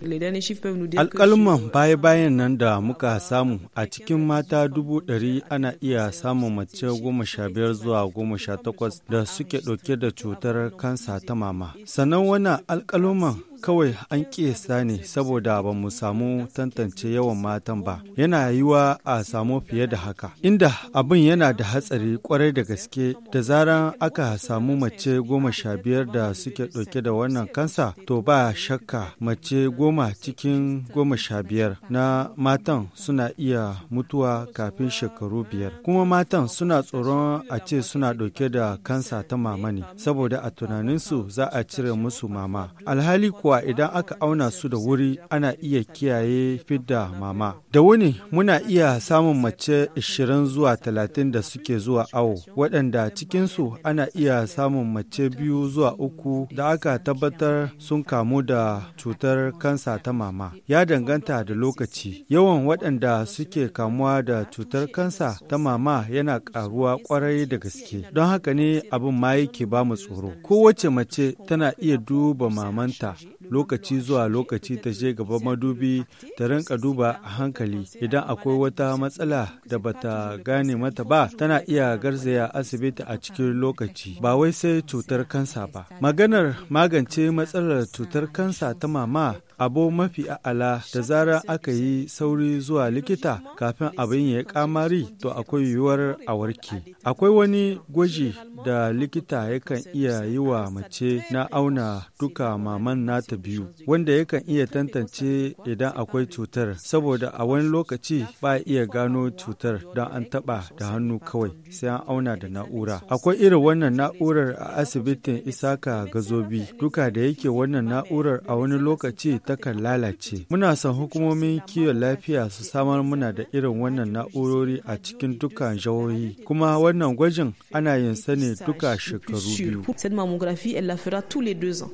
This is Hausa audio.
Alƙalman baya-bayan nan da muka samu a cikin mata dubu ɗari ana iya samun mace goma sha biyar zuwa goma sha takwas da suke ɗauke da cutar kansa ta mama. Sannan wani alƙaluman. kawai an ƙiyasta ne saboda ba mu samu tantance yawan matan ba yana yiwa a samu fiye da haka inda abin yana da hatsari kwarai da gaske da zaran aka samu mace goma sha biyar da suke ɗauke da wannan kansa to ba shakka mace goma cikin goma sha biyar na matan suna iya mutuwa kafin shekaru biyar kuma matan suna tsoron a ce suna ɗauke da kansa ta mama ne saboda a tunaninsu za a cire musu mama alhali kuwa kuwa idan aka auna su da wuri ana iya kiyaye fidda mama. Da wuni muna iya samun mace 20 zuwa 30 da suke zuwa awo, waɗanda cikinsu ana iya samun mace biyu zuwa uku da aka tabbatar sun kamu da cutar kansa ta mama. Ya danganta da lokaci. Yawan waɗanda suke kamuwa da cutar kansa ta mama yana ƙaruwa ƙwarai da gaske. Don haka ne abin ma yake ba mu tsoro. Kowace mace tana iya duba mamanta lokaci zuwa lokaci ta je gaba madubi ta rinka duba a hankali idan akwai wata matsala da bata gane mata ba tana iya garzaya asibiti a cikin lokaci ba wai sai cutar kansa ba maganar magance matsalar cutar kansa ta mama abu mafi a'ala da zarar aka yi sauri zuwa likita kafin abin ya kamari to akwai yiwuwar a warke akwai wani gwaji da likita yakan iya yi wa mace na auna duka maman nata biyu wanda yakan iya tantance idan akwai cutar saboda a wani lokaci ba iya gano cutar don an taba da hannu kawai sai an auna da na'ura akwai irin wannan na'urar a asibitin isaka gazobi duka da yake wannan na'urar a wani lokaci takan lalace muna son hukumomin kiwon lafiya su samar muna da irin wannan na'urori a cikin dukkan jihohi kuma wannan gwajin ana yin sani Cette mammographie, elle la fera tous les deux ans.